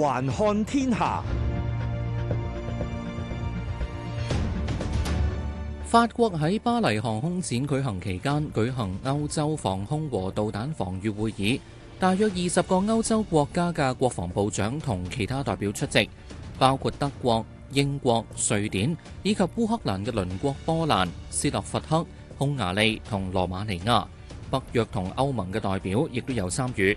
環看天下，法國喺巴黎航空展舉行期間舉行歐洲防空和導彈防禦會議，大約二十個歐洲國家嘅國防部長同其他代表出席，包括德國、英國、瑞典以及烏克蘭嘅鄰國波蘭、斯洛伐克、匈牙利同羅馬尼亞、北約同歐盟嘅代表亦都有參與。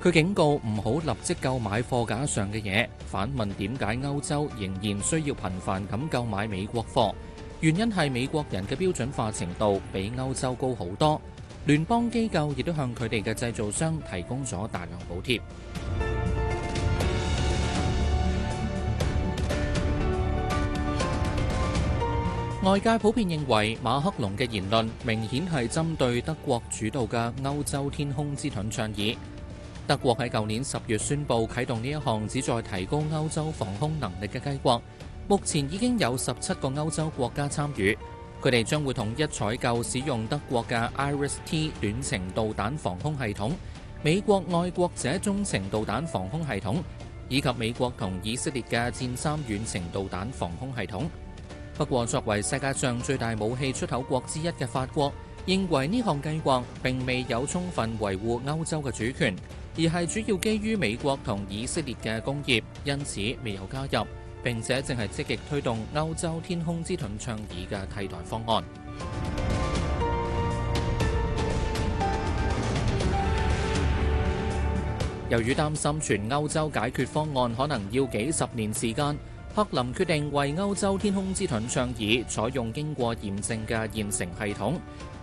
佢警告唔好立即購買貨架上嘅嘢，反問點解歐洲仍然需要頻繁咁購買美國貨？原因係美國人嘅標準化程度比歐洲高好多。聯邦機構亦都向佢哋嘅製造商提供咗大量補貼。外界普遍認為馬克龍嘅言論明顯係針對德國主導嘅歐洲天空之盾倡議。德國喺舊年十月宣布啟動呢一項旨在提高歐洲防空能力嘅計劃，目前已經有十七個歐洲國家參與，佢哋將會統一採購使用德國嘅 IRIS-T 短程導彈防空系統、美國愛國者中程導彈防空系統，以及美國同以色列嘅戰三遠程導彈防空系統。不過，作為世界上最大武器出口國之一嘅法國，認為呢項計劃並未有充分維護歐洲嘅主權。而係主要基於美國同以色列嘅工業，因此未有加入，並且正係積極推動歐洲天空之盾倡議嘅替代方案。 由於擔心全歐洲解決方案可能要幾十年時間，柏林決定為歐洲天空之盾倡議採用經過驗證嘅現成系統。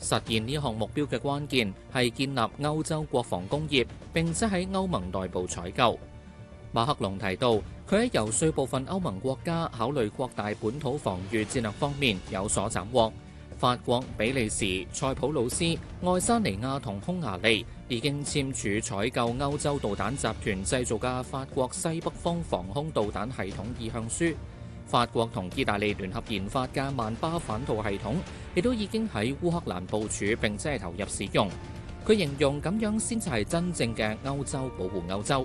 實現呢項目標嘅關鍵係建立歐洲國防工業，並且喺歐盟內部採購。馬克龍提到，佢喺游說部分歐盟國家考慮擴大本土防禦戰略方面有所斬獲。法國、比利時、塞浦路斯、愛沙尼亞同匈牙利已經簽署採購歐洲導彈集團製造嘅法國西北方防空導彈系統意向書。法國同意大利聯合研發嘅曼巴反導系統，亦都已經喺烏克蘭部署並且投入使用。佢形容咁樣先至係真正嘅歐洲保護歐洲。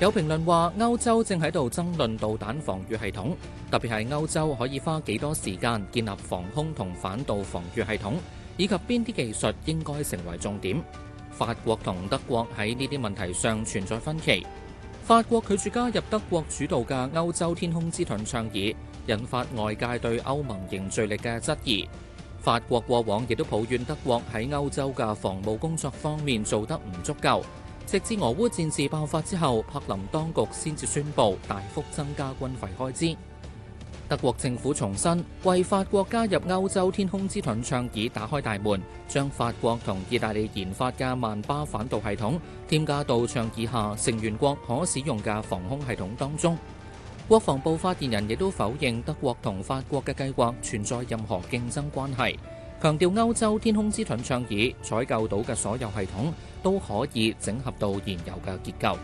有評論說。有評論話歐洲正喺度爭論導彈防禦系統，特別係歐洲可以花幾多時間建立防空同反導防禦系統，以及邊啲技術應該成為重點？法國同德國喺呢啲問題上存在分歧。法國拒絕加入德國主導嘅歐洲天空之盾倡議，引發外界對歐盟凝聚力嘅質疑。法國過往亦都抱怨德國喺歐洲嘅防務工作方面做得唔足夠。直至俄烏戰事爆發之後，柏林當局先至宣布大幅增加軍費開支。德國政府重申，為法國加入歐洲天空之盾倡議打開大門，將法國同意大利研發嘅曼巴反導系統添加到倡議下成員國可使用嘅防空系統當中。國防部發言人亦都否認德國同法國嘅計劃存在任何競爭關係，強調歐洲天空之盾倡議採購到嘅所有系統都可以整合到現有嘅結構。